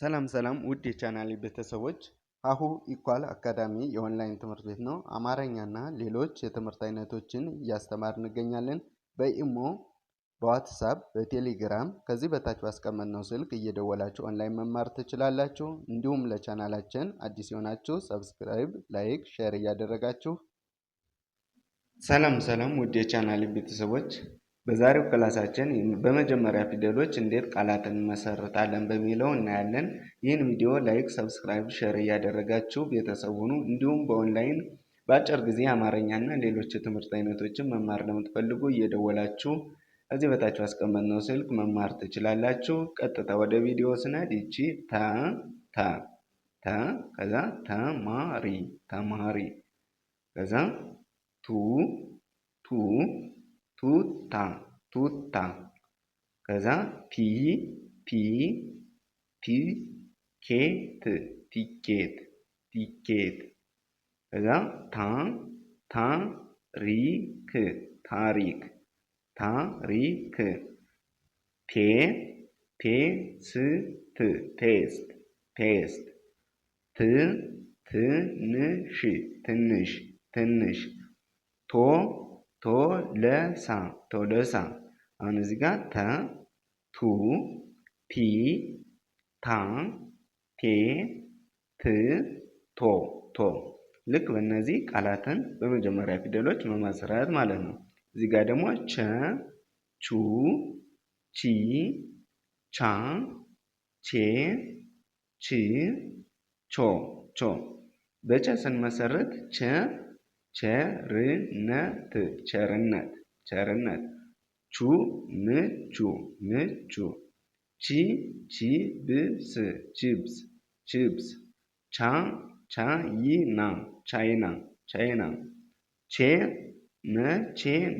ሰላም ሰላም ውድ የቻናሌ ቤተሰቦች ሀሁ ኢኳል አካዳሚ የኦንላይን ትምህርት ቤት ነው። አማረኛና ሌሎች የትምህርት አይነቶችን እያስተማር እንገኛለን። በኢሞ፣ በዋትሳፕ፣ በቴሌግራም ከዚህ በታች ባስቀመጥነው ስልክ እየደወላችሁ ኦንላይን መማር ትችላላችሁ። እንዲሁም ለቻናላችን አዲስ የሆናችሁ ሰብስክራይብ፣ ላይክ፣ ሼር እያደረጋችሁ ሰላም ሰላም ውድ የቻናሌ ቤተሰቦች በዛሬው ክላሳችን በመጀመሪያ ፊደሎች እንዴት ቃላትን እንመሰርታለን በሚለው እናያለን። ይህን ቪዲዮ ላይክ፣ ሰብስክራይብ፣ ሼር እያደረጋችሁ ቤተሰብ ሁኑ። እንዲሁም በኦንላይን በአጭር ጊዜ አማርኛና ሌሎች የትምህርት አይነቶችን መማር ለምትፈልጉ እየደወላችሁ እዚህ በታች አስቀመጥነው ስልክ መማር ትችላላችሁ። ቀጥታ ወደ ቪዲዮ ስነድ ይቺ ተ ተ ተ ከዛ ተማሪ ተማሪ ከዛ ቱ ቱ ቱታ ቱታ ከዛ ፒ ፒ ፒ ኬት ቲኬት ቲኬት ከዛ ታ ታ ሪክ ታሪክ ታሪክ ፔ ፔስት ፔስት ፔስት ት ትንሽ ትንሽ ትንሽ ቶ ቶለሳ ቶለሳ። አሁን እዚህ ጋር ተ ቱ ቲ ታ ቴ ት ቶ ቶ ልክ በእነዚህ ቃላትን በመጀመሪያ ፊደሎች መመስረት ማለት ነው። እዚህ ጋር ደግሞ ቸ ቹ ቺ ቻ ቼ ቺ ቾ ቾ በቸ ስንመሰርት ቸ ቸርነት ቸርነት ቸርነት ቹምቹ ምቹ ቺ ቺብስ ቺብስ ቺብስ ቻ ቻይና ቻይና ቻይና ቼ መቼም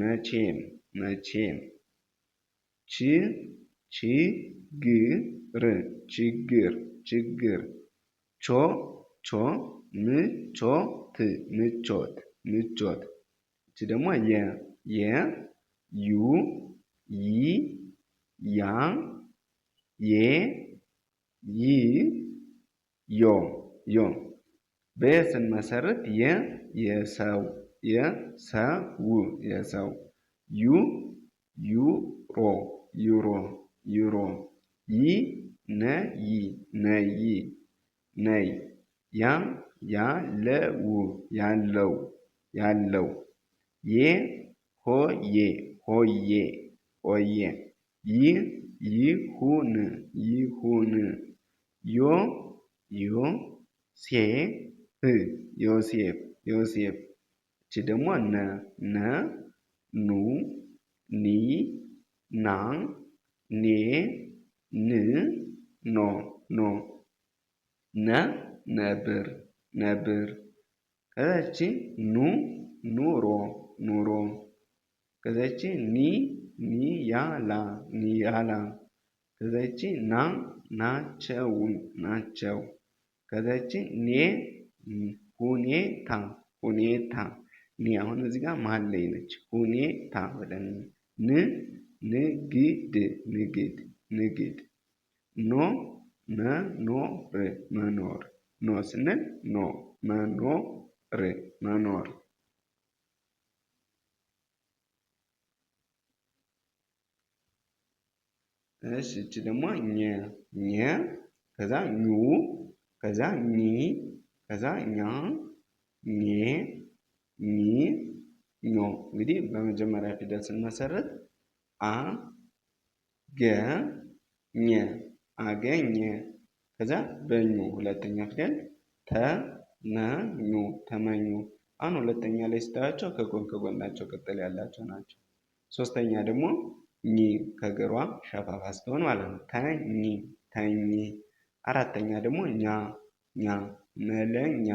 መቼም መቼም ች ችግር ችግር ችግር ቾ ቾ ምቾ ት ምቾት ምቾት እቺ ደግሞ የ የ ዩ ይ ያ የ ይ ዮ ዮ በየስን መሰረት የ የሰው የሰው የሰው ዩ ዩሮ ዩሮ ዩሮ ይ ነይ ነይ ነይ ያ ያለው ያለው ያለው የሆዬ ሆዬ ሆዬ ይ ይሁን ይሁን ዮ ዮ ዮሴፍ ዮሴፍ ዮሴፍ እቺ ደግሞ ነ ነ ኑ ኒ ና ኔ ን ኖ ኖ ነ ነብር ነብር ከዛች ኑ ኑሮ ኑሮ ከዛች ኒ ኒያላ ኒያላ ከዛች ና ናቸው ናቸው ከዛች ኔ ሁኔታ ሁኔታ ኒ አሁን እዚህ ጋር መሀል ላይ ነች። ሁኔታ ብለን ን ንግድ ንግድ ንግድ ኖ መኖር መኖር ኖ ስንል ኖ መኖር መኖር እሺ እቺ ደግሞ ኘ ኘ ከዛ ኙ ከዛ ኒ ከዛ ኛ ኜ ኒ ኞ እንግዲህ በመጀመሪያ ፊደል ስንመሰረት አ ገ ኘ አገኘ ከዛ በኙ ሁለተኛ ፊደል ተመኙ ተመኙ። አሁን ሁለተኛ ላይ ስታያቸው ከጎን ከጎናቸው ቅጥል ያላቸው ናቸው። ሶስተኛ ደግሞ ኝ ከግሯ ሸፋፋ ስትሆን ማለት ነው። ተኝ ተኝ። አራተኛ ደግሞ ኛ ኛ መለኛ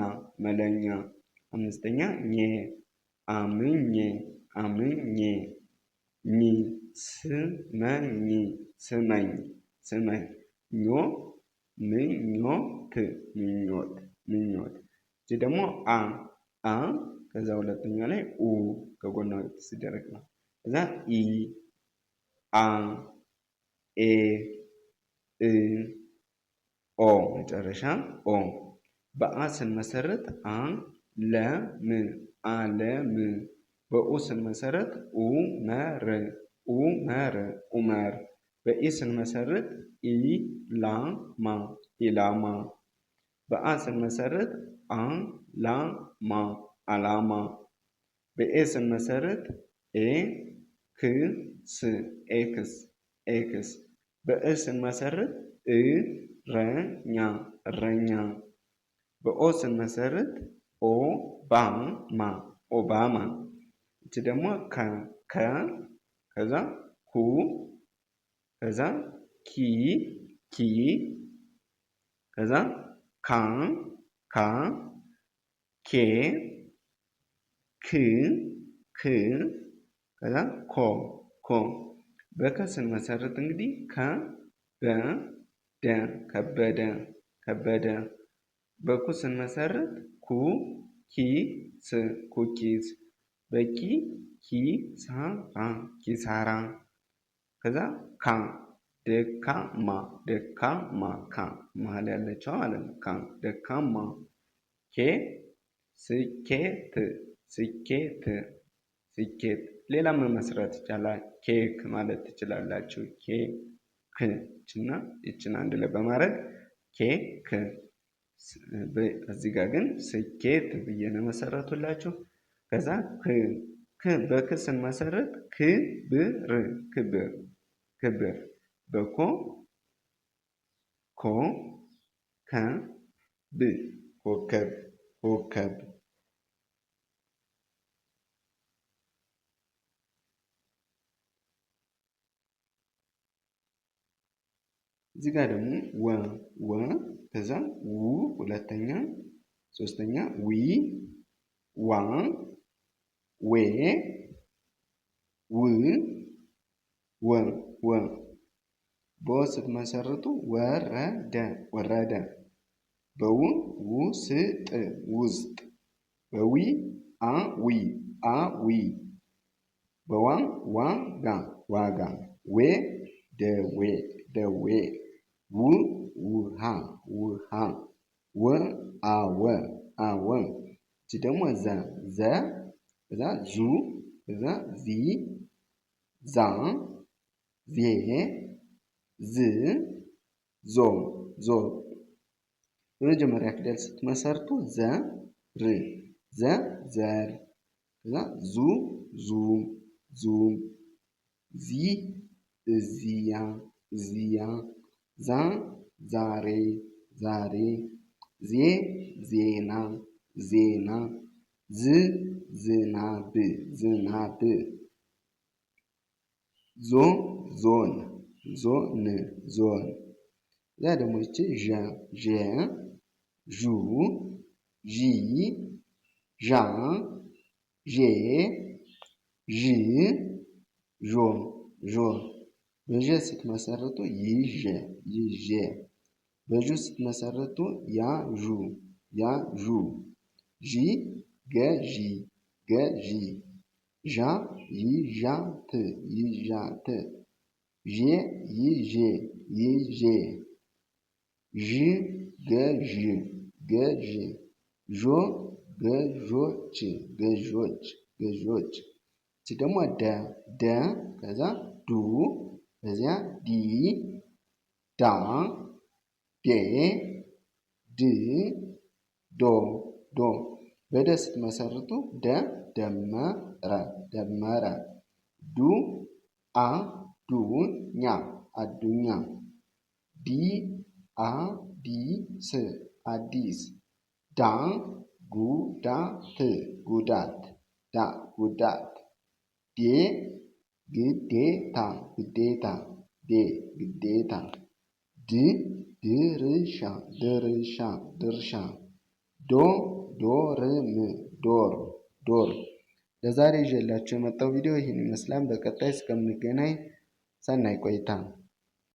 መለኛ። አምስተኛ ኘ አምኜ አምኜ። ኝ ስመኝ ስመኝ ስመኝ ኞ ምኞት ምኞት ምኞት እቺ ደግሞ አ አ ከዛ ሁለተኛ ላይ ኡ ከጎና ሲደረግ ነው። ከዛ ኢ አ ኤ እ ኦ መጨረሻ ኦ በአ ስንመሰረት አ ለም አለም በኡ ስንመሰረት ኡመር ኡመር ኡመር በኢ ስንመሰርት ኢላማ ኢላማ፣ በአ ስንመሰርት አላማ አላማ፣ በኤ ስንመሰርት ኤክስ ኤክስ ኤክስ፣ በእ ስንመሰርት እረኛ እረኛ፣ በኦ ስንመሰርት ኦባማ ኦባማ። እቺ ደግሞ ከ ከዛ ኩ ከዛ ኪ ኪ ከዛ ካ ካ ኬ ክ ክ ከዛ ኮ ኮ በከ ስንመሰርት እንግዲህ ከ በ ደ ከበደ ከበደ በኩ ስንመሰርት ኩ ስ ኩኪስ በኪ ሳ ኪሳራ ከዛ ካ ደካማ ደካማ ካ መሀል ያለችው ማለት ነው። ካ ደካማ ኬ ስኬት ስኬት ስኬት ሌላ ምን መስራት ይቻላል? ኬክ ማለት ትችላላችሁ። ኬክ እችና እችን አንድ ላይ በማድረግ ኬክ። እዚህ ጋር ግን ስኬት ብዬ ነው መሰረቱላችሁ። ከዛ ክ ክ በክ ስንመሰረት ክብር ክብር ክብር በኮ ኮ ከ ብ ኮከብ ኮከብ እዚህ ጋር ደግሞ ወ ወ ከዛ ው ሁለተኛ ሶስተኛ ዊ ዋ ዌ ው ወ ወ በወ ስትመሰርቱ ወረደ ወረደ በው ውስጥ ውስጥ በዊ አዊ አዊ በዋ ዋጋ ዋጋ ዌ ደዌ ደዌ ው ውሃ ውሃ ወ አወ አወ እዚ ደግሞ ዘ ዘ እዛ ዙ እዛ ዚ ዛ ዜ ዝ ዞ ዞ በመጀመሪያ ፊደል ስትመሰርቱ ዘ ር ዘ ዘር ከዛ ዙ ዙም ዙም ዚ እዚያ እዚያ ዛ ዛሬ ዛሬ ዜ ዜና ዜና ዝ ዝናብ ዝናብ ዞ ዞን ዞን ዞን እዛ ደግሞ ይቺ ዣ ዤ ዡ ዢ ዣ ዤ ዥ ዦ ዦ በዠ ስትመሰርቱ ይዤ ይዤ በዡ ስትመሰርቱ ያ ዡ ያ ዡ ዢ ገ ዢ ዣ ይዣት ይዣት ይዤ ይዤ ዥ ገዥ ገዥ ዦ ገዦች ገዦች ገዦች እቺ ደግሞ ደ ደ ከዛ ዱ ከዚያ ዲ ዳ ዴ ድ ዶ ዶ በደ ስትመሰርቱ ደ ደመረ ደመረ ዱ አ Addunyaa D A D S Addis Da Gudaat Gudaat De Gdeeta Gdeeta D Drrsha ድርሻ ዶ ዶርም ዶርም ለዛሬ ይዤላችሁ የመጣው ቪዲዮ ይህን ይመስላል። በቀጣይ እስከምንገናኝ 在来归档。